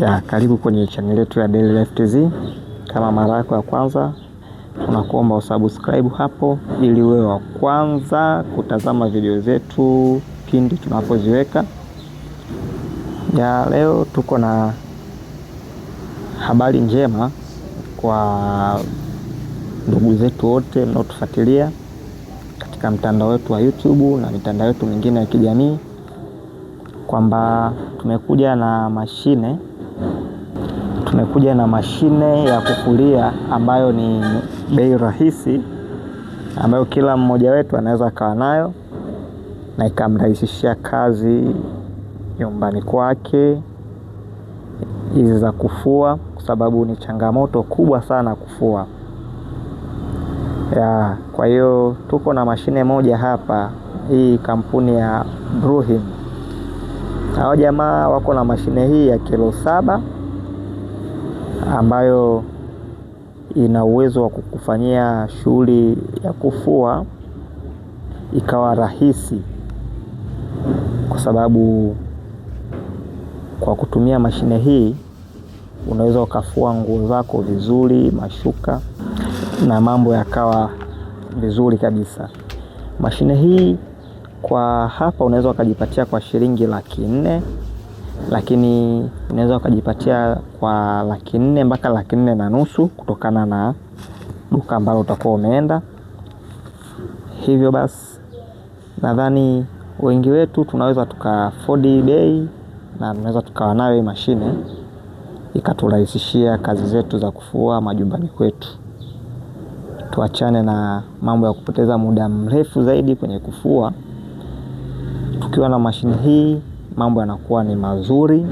Ya, karibu kwenye channel yetu ya Daily Life TZ. Kama mara yako ya kwanza, tunakuomba usubscribe hapo ili uwe wa kwanza kutazama video zetu pindi tunapoziweka. Ya, leo tuko na habari njema kwa ndugu zetu wote mnaotufuatilia katika mtandao wetu wa YouTube na mitandao yetu mingine ya kijamii kwamba tumekuja na mashine tumekuja na mashine ya kufulia ambayo ni bei rahisi, ambayo kila mmoja wetu anaweza akawa nayo na ikamrahisishia kazi nyumbani kwake hizi za kufua, kwa sababu ni changamoto kubwa sana kufua ya. Kwa hiyo tuko na mashine moja hapa, hii kampuni ya Bruhim hao jamaa wako na mashine hii ya kilo saba ambayo ina uwezo wa kukufanyia shughuli ya kufua ikawa rahisi, kwa sababu kwa kutumia mashine hii unaweza ukafua nguo zako vizuri, mashuka na mambo yakawa vizuri kabisa. Mashine hii kwa hapa unaweza ukajipatia kwa shilingi laki nne, lakini unaweza ukajipatia kwa laki nne mpaka laki nne na nusu kutokana na duka ambalo utakuwa umeenda. Hivyo basi nadhani wengi wetu tunaweza tukaafodi bei na tunaweza tukawa nayo hii mashine ikaturahisishia kazi zetu za kufua majumbani kwetu. Tuachane na mambo ya kupoteza muda mrefu zaidi kwenye kufua. Ukiwa na mashine hii mambo yanakuwa ni mazuri.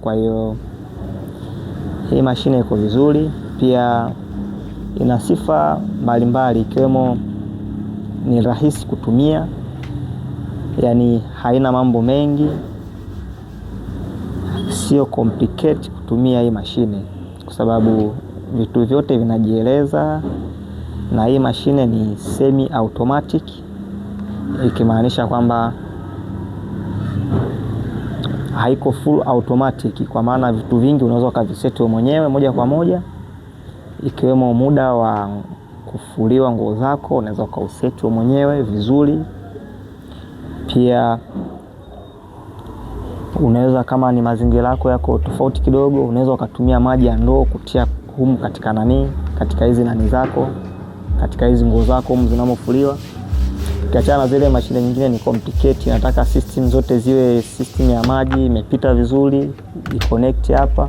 Kwa hiyo hii mashine iko vizuri, pia ina sifa mbalimbali ikiwemo ni rahisi kutumia, yaani haina mambo mengi, sio complicated kutumia hii mashine kwa sababu vitu vyote vinajieleza, na hii mashine ni semi automatic ikimaanisha kwamba haiko full automatic, kwa maana vitu vingi unaweza ukaviseti mwenyewe moja kwa moja, ikiwemo muda wa kufuliwa nguo zako unaweza ukauseti mwenyewe vizuri. Pia unaweza kama ni mazingira yako yako tofauti kidogo, unaweza ukatumia maji ya ndoo kutia humu katika nani, katika hizi nani zako, katika hizi nguo zako humu zinamofuliwa. Ukiachana na zile mashine nyingine ni complicate, nataka system zote ziwe system ya maji imepita vizuri, iconnect hapa,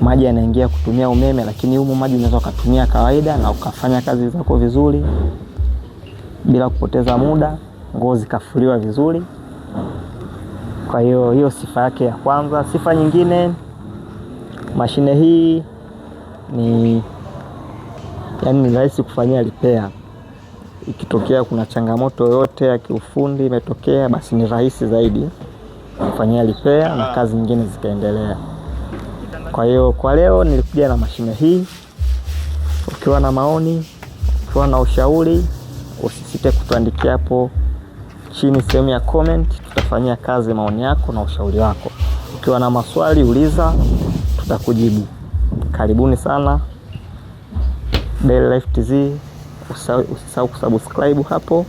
maji yanaingia kutumia umeme, lakini humo maji unaweza ukatumia kawaida na ukafanya kazi zako vizuri bila kupoteza muda, nguo zikafuliwa vizuri. Kwa hiyo hiyo sifa yake ya kwanza. Sifa nyingine, mashine hii ni yani, ni rahisi kufanyia repair ikitokea kuna changamoto yoyote ya kiufundi imetokea, basi ni rahisi zaidi kufanyia repair na ah. kazi nyingine zikaendelea. Kwa hiyo kwa leo nilikuja na mashine hii. Ukiwa na maoni, ukiwa na ushauri, usisite kutuandikia hapo chini sehemu ya comment, tutafanyia kazi maoni yako na ushauri wako. Ukiwa na maswali uliza, tutakujibu. Karibuni sana Daily Life TZ usisahau kusubscribe hapo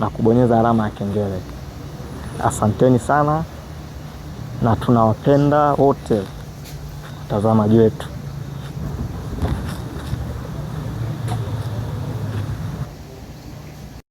na kubonyeza alama ya kengele. Asanteni sana na tunawapenda wote watazamaji wetu.